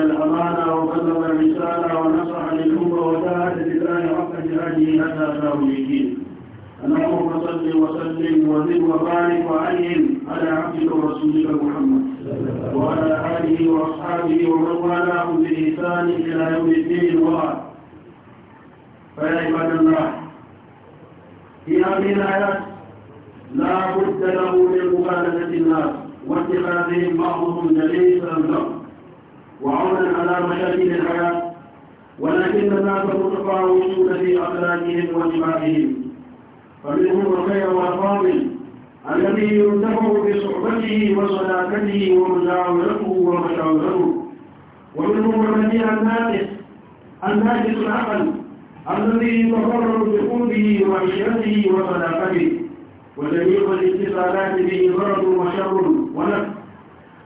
الأمانة وبلغ الرسالة ونصح للأمة وجاهد بالله حق جهاده أتى له الدين اللهم صل وسلم وزد وبارك وعلم على عبدك ورسولك محمد وعلى آله وأصحابه ومن والاه بإحسان إلى يوم الدين وبعد فيا عباد الله في هذه الآيات لا بد له من مخالفة الناس واتخاذهم بعضهم دليلا لهم وعونا على مشاكل الحياة ولكن الناس متفاوتون في أخلاقهم وجمالهم فمنهم الخير والفاضل الذي ينتفع بصحبته وصداقته ومزاولته ومشاوره ومنهم الذي الناقص الناقص العقل الذي يتفرغ بقلبه وعشرته وصداقته وجميع الاتصالات به ضرر وشر ونفس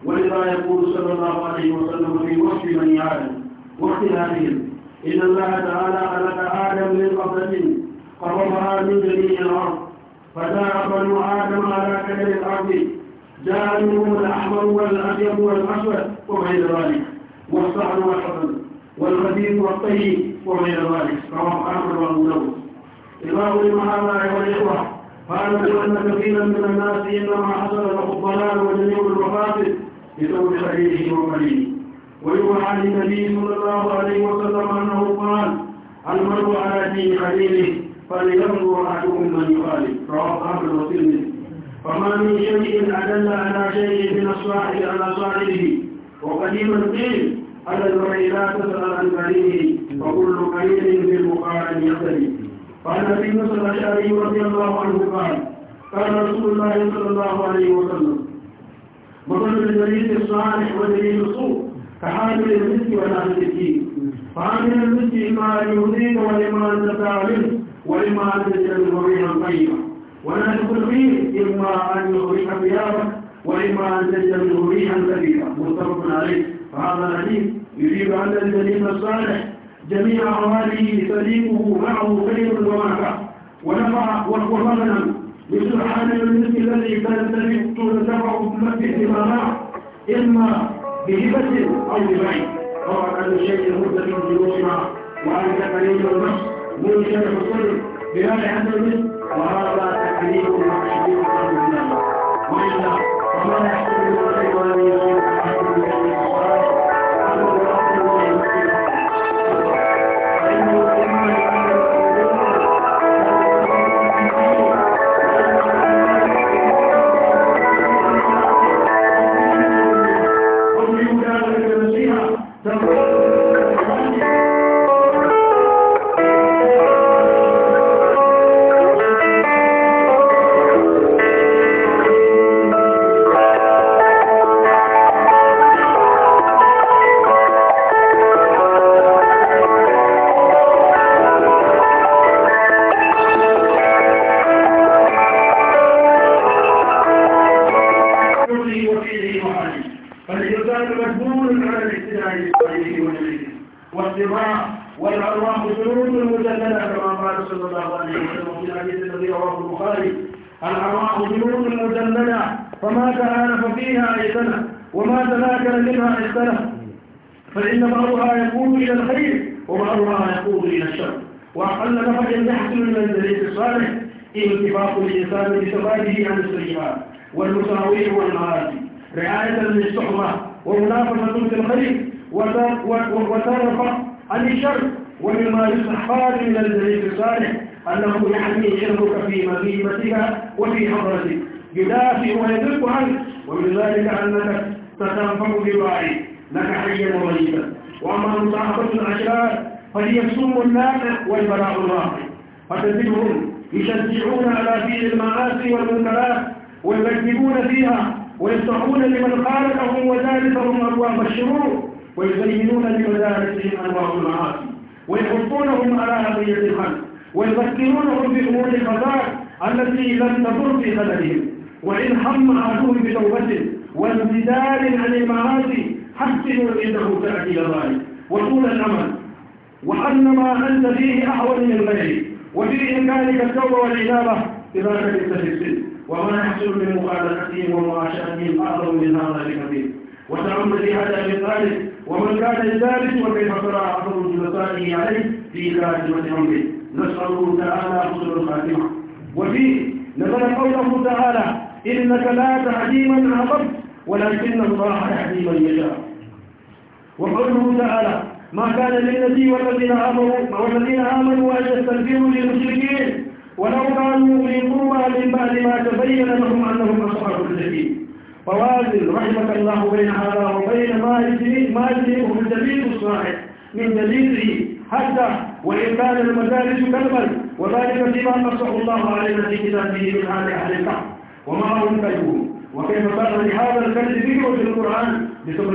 ولما يقول صلى الله عليه وسلم في وصف بني آدم واختلافهم إن الله تعالى خلق آدم من قبلة قربها من جميع الأرض فجاء بنو آدم على كدر الأرض جاء منهم الأحمر والأبيض والأسود وغير ذلك والصعب والحسن والخبيث والطيب وغير ذلك رواه أحمد وأبو داود إمام المعاملة والإخوة قال أن كثيرا من الناس إنما حصل له الضلال وجميع المفاسد بثبت حديثه ومليه ويقول عن النبي صلى الله عليه وسلم انه قال المرء على دين خليله فلينظر احدكم من يخالف رواه احمد وترمذي فما من شيء ادل على شيء من الصاحب على صاحبه وقديما قيل على المرء لا تسال عن قليله وكل قليل في المقارن يختلف قال في نصر الاشعري رضي الله عنه قال قال رسول الله صلى الله عليه وسلم وظل المريض الصالح ودليل الصوت كحامل المسك وناحية الدين فعامل المسك إما أن يهديك ولما أنت تعلم ولما أنت تجد ريحا طيبا وناحية الريح إما أن يخرج ثيابك وإما أن تجد ريحا كبيرا متفق عليه فهذا الحديث يجيب أن الجليل الصالح جميع أعماله تليقه معه خير ومنفع ونفع وغنم لسرحان المسك الذي كانت تجد سبع أمته إماما إما بهبة أو ببعيد طبعا هذا الشيء لابد من جلوسنا وعن تقليل المسك ملك مصر بهذا هذا المسك وهذا تقليل المحشدين من الله وإلا فما يحتمل الله الخير ولا يصير وما تعارف فيها سنه وما تذاكر منها سنه فإن بعضها يقود إلى الخير وبعضها يقود إلى الشر وأقل نفع يحصل من الجليس الصالح اتفاق الإنسان بشبابه عن السيئات والمساوية والمعاصي رعاية للصحبة ومنافسة في الخير وترفع عن الشر ومما يستحقان من الجليس الصالح أنه يحمي يعني شرك في مذمتك وفي حضرتك بدافع ويدرك عنك ومن ذلك أنك تتنفع بالراعي لك حيا وميتا وأما مصاحبة الأشرار فهي السم النافع والبلاء الراقي فتجدهم يشجعون على فعل المعاصي والمنكرات ويكذبون فيها ويفتحون لمن خالفهم وذلكهم أبواب الشرور ويزينون لمدارسهم أنواع المعاصي ويحطونهم على أغنية الخلق ويذكرونهم بأمور الخزائن التي لم تضر في قدرهم وإن حم عدوه بتوبة وامتثال عن المعاصي حسنوا إنه تأتي ذلك وطول الأمل وأن ما أنت فيه أحوال من غيرك وفي إمكانك التوبة والإنابة إذا كنت في وما يحصل من مخالفتهم ومعاشرتهم أعظم من هذا بكثير وتعم في هذا ذلك ومن كان لذلك وكيف ترى أفضل جلسائه عليه في خاتمة أمره نسأله تعالى حسن الخاتمة وفيه نزل قوله تعالى إنك لا تهدي من أحببت ولكن الله يهدي من يشاء وقوله تعالى ما كان للنبي والذين آمنوا والذين آمنوا أن يستكبروا للمشركين ولو كانوا أولي قربى من بعد ما تبين لهم أنهم أصحاب الجحيم فوازن رحمك الله بين هذا وبين ما يجريه الدليل الصالح من دليله حتى وإن كان المدارس كلبا وذلك فيما نصح الله علينا في كتابه من هذه أهل وما هو القيوم وكيف بحر هذا الكلب بكرة القرآن بسبب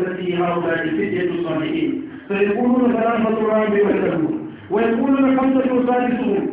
التي هؤلاء الفتية الصالحين فيقولون ثلاثة راب وكلبون ويقولون خمسة سادسهم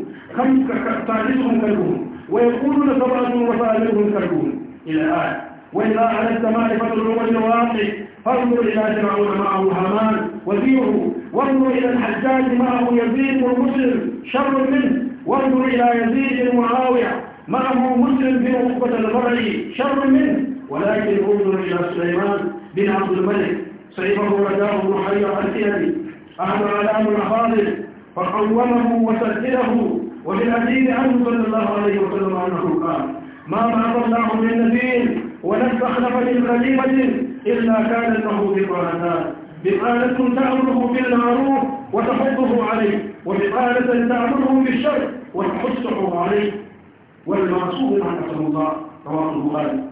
سادسهم كلبون ويقولون سبعة وثالثهم كلبون إلى الآن وإذا أردت معرفة الروم الواقع فانظر إلى فرعون معه هامان وزيره وانظر إلى الحجاج معه يزيد ومسلم شر منه وانظر إلى يزيد معاويه معه مسلم بن عقبة البرعي شر منه ولكن انظر إلى سليمان بن عبد الملك سيفه رداه بن حير الثيابي أحد علام خالد فقومه وسدده وبالحديث عنه صلى الله عليه وسلم أنه قال ما بعث الله من نبي ولا استخلف من خليفة إلا كان له بقالات بقالة تأمره بالمعروف وتحضه عليه وبقالة تأمره بالشر وتحسه عليه والمنصوب عن رسول الله رواه البخاري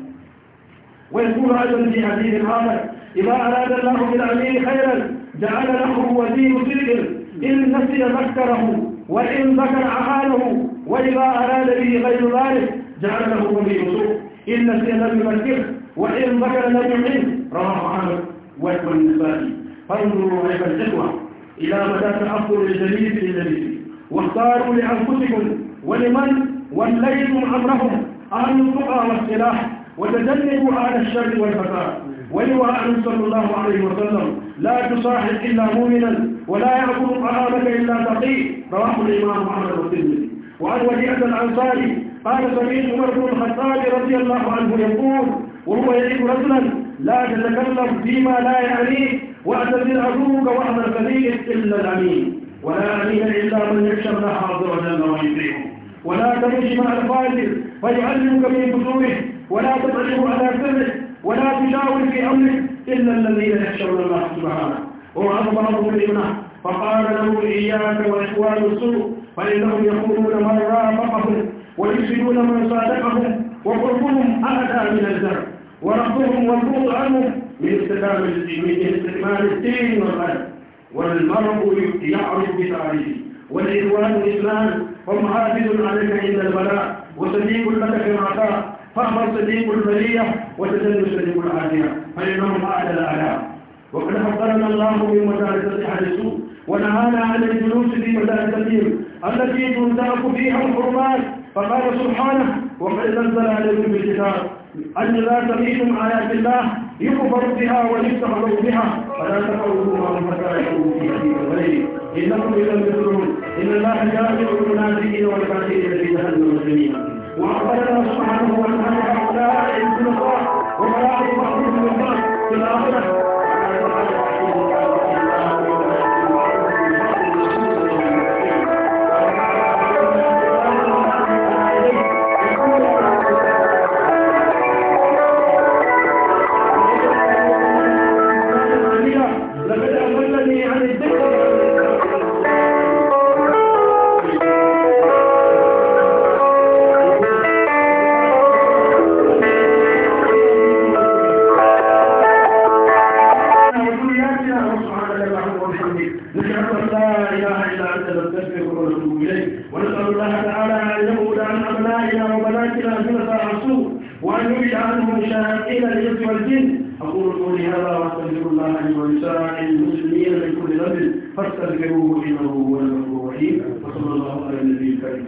ويقول ايضا في حديث اخر اذا اراد الله بالامير خيرا جعل له وزير ذكر ان نسي مكره وان ذكر عقاله واذا اراد به غير ذلك جعل له وزير سوء ان نسي لم يمكره وان ذكر لم يعين رواه احمد والنسائي فانظروا ايها الاخوه الى مدى تاثر الجليل النبي واختاروا لانفسكم ولمن وليتم أمرهم أهل التقى والسلاح وتجنبوا أهل الشر والفتاة ولواء صلى الله عليه وسلم لا تصاحب إلا مؤمنا ولا يعبد طعامك إلا تقي رواه الإمام أحمد الرسول وعن وديعة الأنصاري قال سمير عمر بن الخطاب رضي الله عنه يقول وهو يجيب رجلا لا تتكلم فيما لا يعنيه واعتذر عدوك واعمل فريق إلا الأمين ولا أمين إلا من يخشى الله عز وجل ويطيعه ولا تمشي مع الفاجر فيعلمك في بطوله ولا تطعمه على سره ولا تجاور في امرك الا الذين يخشون الله سبحانه وعظم بعضهم الامنه فقال له اياك واخوان السوء فانهم يقولون ما رافقهم ويفسدون من صادقهم وقربهم اهدى من الزرع وربهم والبغض عنهم من استدام استكمال الدين والقلب والمرء يعرف بتعريفه والاخوان الاسلام ومحافظ عليك عند البلاء وصديق لك في العطاء فأمر صديق البلية وتدل صديق العافية فإنهم أعلى الأعلام وقد حضرنا الله من مدارسة أهل السوء ونهانا عن الجلوس في مدارستهم التي تنتهك فيها الحرمات فقال سبحانه وقد انزل عليكم بالكتاب أن لا تميلوا آيات الله لكفر بها ولتغلوا بها فلا تقولوها فتعلموا في الليل غيره انكم اذا مثلون ان الله جامع المنافقين والكافرين في جهنم جميعا واخبرنا سبحانه وتعالى لا يعز الله ولا في الاخره إلا أنت نستغفرك ونتوب إليك ونسأل الله تعالى أن يموت عن أبنائنا وبناتنا زلفى الرسول وأن يبعد عنهم شاهدين الإنس والجن أقول قولي هذا وأستغفر الله لي ولسائر المسلمين من كل ذنب فاستغفروه إنه هو الغفور الرحيم وصلى الله على النبي الكريم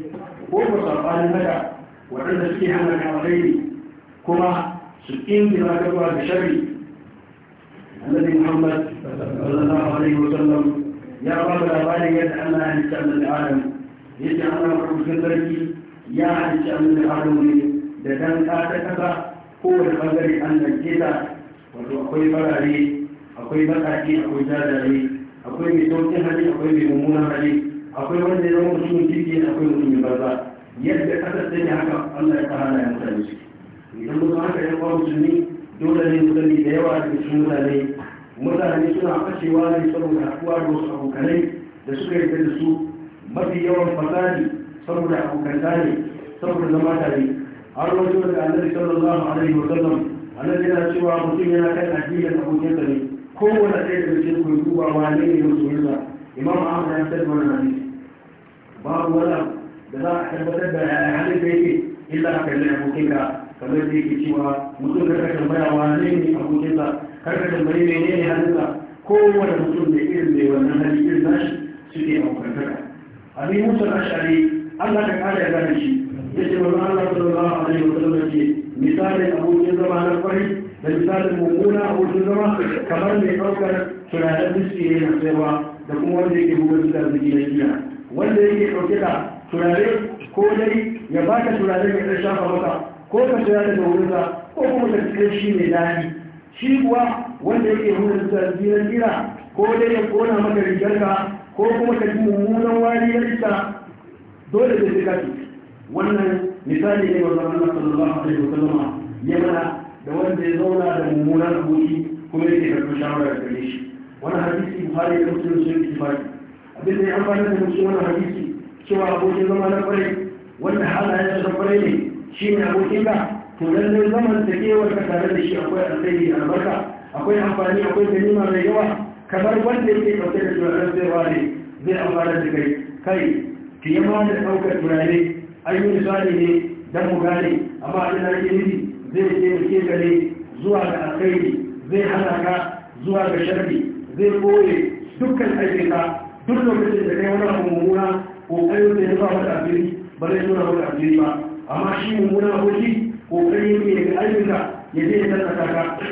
sabanin daga waɗanda suke hana kawarai kuma su inda za ka zuwa da shari annabi muhammad sallallahu alaihi wa sallam ya ba da labarin yadda an na halitta annabi adam yadda allah rubutun sarki ya halitta annabi adam ne da dan ƙasa ƙasa kowane bangare an dake ta wato akwai farare akwai matsaki, akwai jajaye akwai mai sauƙin hali akwai mai mummunan hali akwai wanda ya zama mutumin kirki akwai mutumin banza yadda kasar da ya haka Allah ya fara ya mutane su idan mutum haka ya kwa musulmi dole ne mutane da yawa da cikin mutane mutane suna fashewa ne saboda haɗuwa da wasu abokanai da suka yi da su mafi yawan fasali saboda abokanta ne saboda zama tare har wani wanda annabi sallallahu alaihi wa sallam annabi yana cewa mutum yana kan addinin abokinsa ne kowane ɗaya da cikin ku duba wane ne ya musulunsa imam ahmad ya sai wannan hadisi babu wani da za a tabbatar da halin da yake illa a kalli abokinka kamar da yake cewa mutum ka kashe mayawa ne ne abokinsa kar ka tambayi mai ne ne halinsa kowane mutum da irin mai wannan hali irin nashi suke abokantaka abin musul ashari Allah ka kare ya da shi ya ce wani Allah sallallahu alaihi wa sallam ce misalin abokin zama na kwarai da misalin mummuna abokin zama kamar mai ɗaukar tunanin miski ne na tsayawa da kuma wanda yake bugun da zuki na jiya wanda yake ɗauke da turare ko dai ya ba ka turare ga ɗan shafa maka ko ka tura ta da wurinsa ko kuma ka cikin shi mai daɗi shi kuwa wanda yake nuna tsardiran jira ko dai ya kona maka rigarka ko kuma ka ji mummunan wariyarsa dole da sai kafi wannan misali ne wanda Allah sallallahu alaihi wasallam ya mana da wanda ya zauna da mummunan aboki kuma yake karɓar shawara da gare shi wannan hadisi Buhari da Muslim sun yi kifari abin da ya amfana da musu wannan hadisi cewa abokin zama na kwarai wanda hana ya na kwarai ne shi ne abokin ba to lallai zaman da kewar ka tare da shi akwai alkhairi da albarka akwai amfani akwai ganima mai yawa kamar wanda yake ɗauke da turaren zai ne zai amfana da kai kai ki yi ma da ɗaukar turare an yi misali ne don mu gane amma a ina ke nufi zai taimake ka ne zuwa ga alkhairi zai hana ka zuwa ga sharri zai koye dukkan aikinka duk lokacin da kai wani abu mummuna kokarin da ya ba wata asiri ba zai nuna wata asiri ba amma shi mummuna aboki kokarin ne daga ayyuka ya zai ya tattaka ka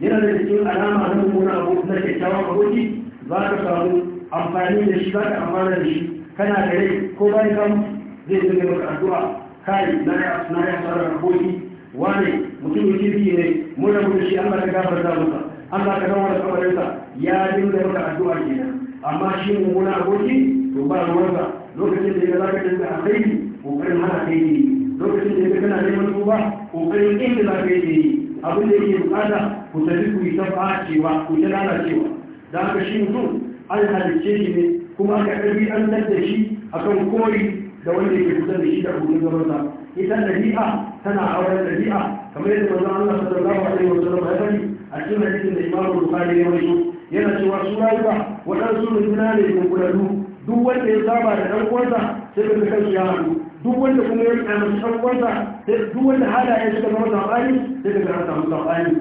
yana da cikin alama na mummuna aboki na kyakkyawa a aboki za ka samu amfani da shi za ka amfana da shi kana da rai ko bayan kan zai zai maka addu'a kai na ya na ya fara aboki wane mutum kirki ne muna mutu shi Allah ka gafarta masa Allah ka da kabarinsa ya dinga maka addu'a kenan amma shi mummuna aboki to ba ruwansa lokacin da ya za ka canza a kai kokarin hana kai ne lokacin da ya kana neman tuba kokarin inda za ka yi abin da yake bukata ku tafi ku yi ta cewa ku ta lalacewa da aka shi mutum an halicce shi ne kuma aka ɗabi an da shi akan kori da wanda yake kusa da shi da abokin zamansa ita ɗabi'a tana auren ɗabi'a kamar yadda manzon Allah sallallahu alaihi wa sallam ya a cikin hadisin da Imam Bukhari ya rawaito yana cewa su rayuwa waɗansu mutuna ne kunkulalu duk wanda ya saba da ɗan uwansa sai ka kan ya haɗu duk wanda kuma ya tsamanci ɗan uwansa duk wanda halaye suka zama saɓani sai ka ga samu saɓani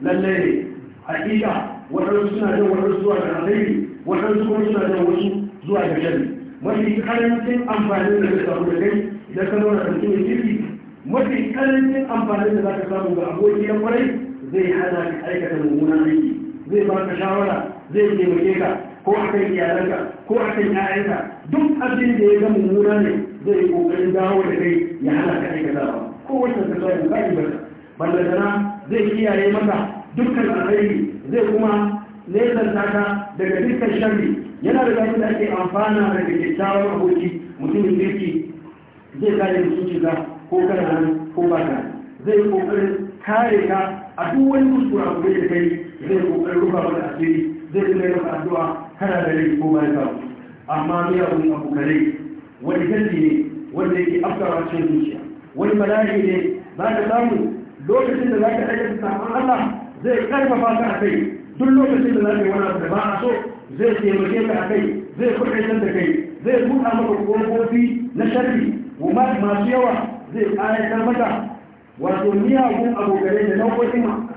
lallai ne haƙiƙa waɗansu suna jan waɗansu zuwa ga alheri waɗansu kuma suna jan wasu zuwa ga shari mafi karancin amfani da ka samu da kai idan ka zauna da mutumin kirki mafi karancin amfani da za ka samu ga abokiyar na kwarai zai hana ka aikata mummunan aiki zai ba ka shawara zai taimake ka ko a kan iyalanka ko a kan ya'yanka duk abin da ya ga mummuna ne zai yi kokarin dawo da kai ya hana ka aikata ba ko wata ta zai ba ki barka na zai kiyaye maka dukkan alheri zai kuma nesan taka daga dukkan sharri yana da zafi da ake amfana daga kyakkyawar aboki mutumin kirki zai kare mutunci ka ko kana nan ko ba ka zai kokarin kare ka a duk wani kuskure abu da kai zai kokarin rufa wani asiri zai kuma yi maka addu'a kana da rai ko bai samu amma miyagun abu kare wani kalli ne wanda yake afkara cikin zuciya wani bala'i ne za ka samu lokacin da za ka aikata saman Allah zai karfafa ka a kai duk lokacin da za ka yi wani abu da ba a so zai taimake ka a kai zai kudaitar da kai zai buɗa maka ƙofofi na sharri masu yawa zai ayatar maka wato miyagun abokanai da nau'o'in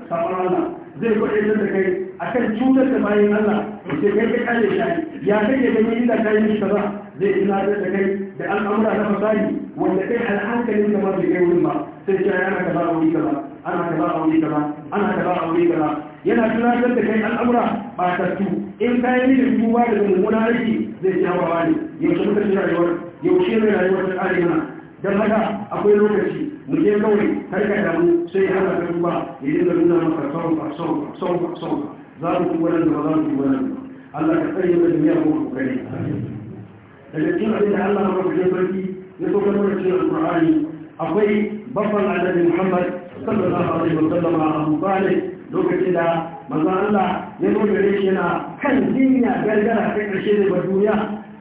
saman Allah zai kudaitar da kai akan cutar da bayan Allah da kai ka kare shi ya kake da mai inda kai shi kaza zai ina da kai da al'amura na fasali wanda kai alhankalin da ma kai wurin ba sai yana ana ba a wuri kaza ana ba a wuri kaza ana ba a wuri kaza yana tunatar da kai al'amura ba ta tu in kayan yi da tuba da mummunan aiki zai ci hawa ne yaushe muka ci rayuwar yaushe mai rayuwar ta kare mana haka akwai lokaci mu je kawai karka damu sai hana ka tuba ya dinga nuna maka sauka sauka sauka sauka za mu ci wannan ba za mu ci wannan Allah ka tsare da duniya ko ku kare daga cikin abin da Allah ya rubuta barki ya so ka nuna cikin Al-Qur'ani akwai babban annabi Muhammad sallallahu alaihi wa sallam a Abu Talib lokacin da manzo Allah ya nuna da shi yana kan duniya gargara kai karshe da duniya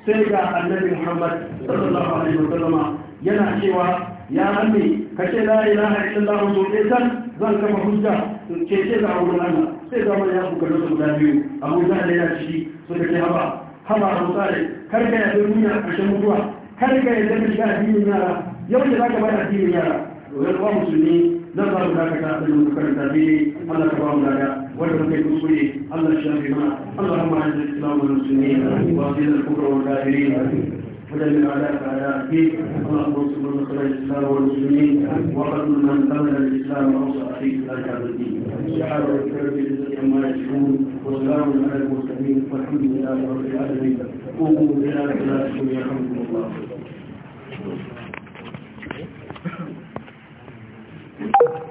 sai ga annabi Muhammad sallallahu alaihi wa sallam yana cewa ya annabi kace la ilaha illallah wa zan kafa hujja in ce ce ga wurin Allah sai zama ya shuka da su guda biyu abu za da ya ciki da ke haba haba a misali kar ka yadda duniya a ƙarshen mutuwa kar ka yadda ka a addinin yara yau da za ka bada addinin yara wani kuma musulmi zan za mu dakata a cikin karanta bi Allah ka ba mu daga ولم يكن صلي الله شافي معه اللهم اعز الاسلام والمسلمين واذل الكفر والكافرين هدى للأعداء فأعداء فيه اللهم انصر من نصر الإسلام والمسلمين وقتل من قتل الإسلام أوصى أخيه ذلك على الدين سبحان ربك رب العزة عما يصفون وسلام على المرسلين والحمد لله رب العالمين قوموا بلا إله إلا يرحمكم الله Thank you.